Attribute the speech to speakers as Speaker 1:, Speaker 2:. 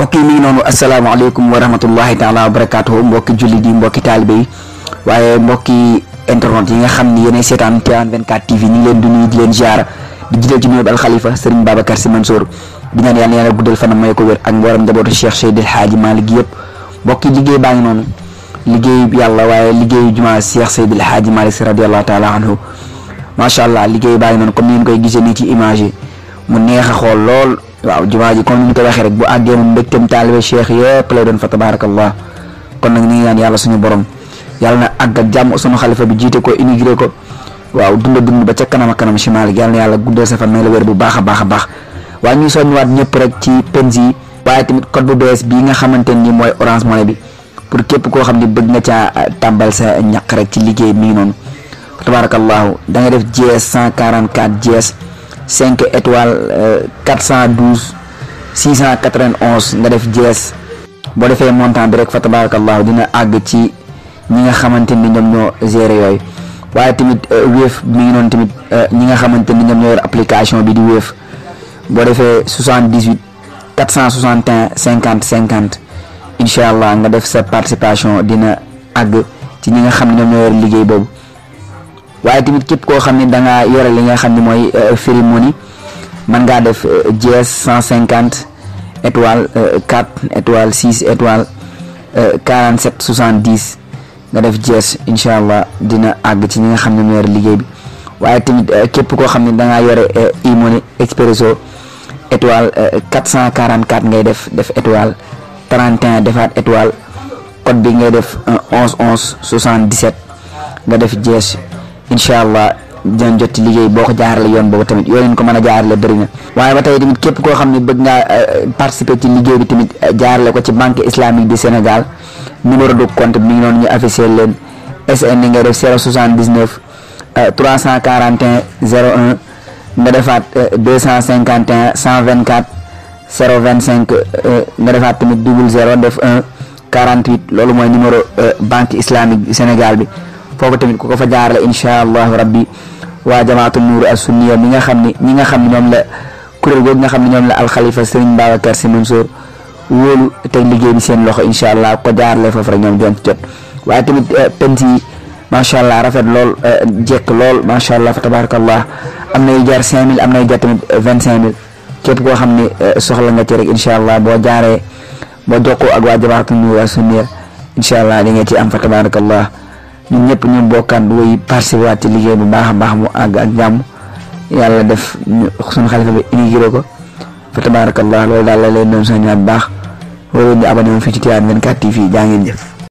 Speaker 1: mbokk yi mi ngi noonu asalaamaaleykum wa rahmatullahi taala wa barakaatu mbokki jullit yi mbokki taalibe yi waaye mbokki internet yi nga xam ni yéenay seetaan Tivaouane 24 TV ñu ngi leen di nuyu di leen ziar di jiital ci nuyoo bi alxalifa sëriñ Babacar Sy Mansour di ñaan yàlla yàlla guddal fanam may ko wér ak mbooram njabootu Cheikh Seydil Hadji Malick yëpp mbokki liggéey baa ngi noonu liggéeyu yàlla waaye liggéeyu jumaa Cheikh Seydil Hadji Malick Sy radiallahu taala anhu macha allah liggéey baa noonu comme ni ngeen koy gisee nii ci image yi mu neex a xool lool waaw jumaa ji comme ni ñu ko waxe rek bu agge moom mbektem talibé cheikh yépp lay doon fa tabarakallah kon nak ñu ñaan yalla suñu borom yalla na àgg ak jàmm sunu xalifa bi jité ko inigré ko waaw dund dund ba ca kanam ak kanam ci yàlla yalla yalla guddé sa fa may la wér bu baaxa baaxa baax wa baax soñu wat soññiwaat ñëpp rek ci pens waye tamit code bu bes bi nga xamanteni ni moy orange money bi pour képp ko xamni bëgg nga ca ah, tambal sa ñak rek ci liggéey mi non tabarakallah da nga def js 144 js cinq étoiles euh, quatre cent douze six cent quatre-vingt-onze nga def jees boo defee montant bi rek fa tabarakallahu dina àgg ci ñi nga xamante ni ñoom ñoo gérer yooyu waaye tamit euh, Wave mu ngi noonu tamit euh, ñi nga xamante ni ñoom ñoo yor bi di Wave boo defee soixante-dix-huit quatre cinquante cinquante incha allah nga def sa participation dina àgg ci ñi nga xam ne ñoom ñoo yor liggéey boobu waaye tamit képp koo xam ne da ngaa yore li nga xam ne mooy cérémonie euh, mën ngaa def euh, dièse cent cinquante étoile euh, quatre étoile six étoile quarante sept soixante dix nga def dièse incha allah dina àgg ci ñi nga xam ne mu yore liggéey bi waaye tamit képp koo xam ne da ngaa yore e-money expresso étoile quatre cent quarante quatre ngay def def étoile trente et un defaat étoile code bi ngay def onze onze soixante dix sept nga def dièse. incha allah dinañ jot ci liggéey boo ko jaarale yoon boobu tamit yoo leen ko mën a jaarale bëri na waaye ba tey tamit képp koo xam ne bëgg ngaa eh, participer ci liggéey bi tamit eh, jaarale ko ci banque islamique du Sénégal numéro de compte bi ngi noonu ñu affiché leen SN nga def 079 341 01 nga defaat 251 124 025 nga defaat tamit double zéro def 1 48 loolu mooy numéro eh, banque islamique du Sénégal bi foofu tamit ku ko fa jaarale incha allahu rabbi waa jamaatu nuuru assunniya mi nga xam ne ñi nga xam ne ñoom la kuréel googu nga xam ne ñoom la alxalifa sëriñ Babacar Sy Mansour wóolu teg liggéey bi seen loxo incha allah ko jaarale foofu rek ñoom joon ci jot waaye tamit eh, pent yi macha rafet lool eh, jekk lool macha allah fa tabarakallah am nay jar 5000 am nay jar tamit 25000 képp koo xam ne eh, soxla nga ci rek incha allah boo jaaree boo jokkoo ak waa jamaatu nuuru assunniya incha allah li nga ci ñun ñëpp ñu bokkaan woy participer waat ci liggéey bu baax a baax mu àgg ak jàmm yàlla def ñu suñu xalifa bi inauguré ko fa tabaarakallah loolu daal la leen doon soññaat bu baax loolu ñu abonné woon fii ci Tivaouane 24 TV jaa ngeen jëf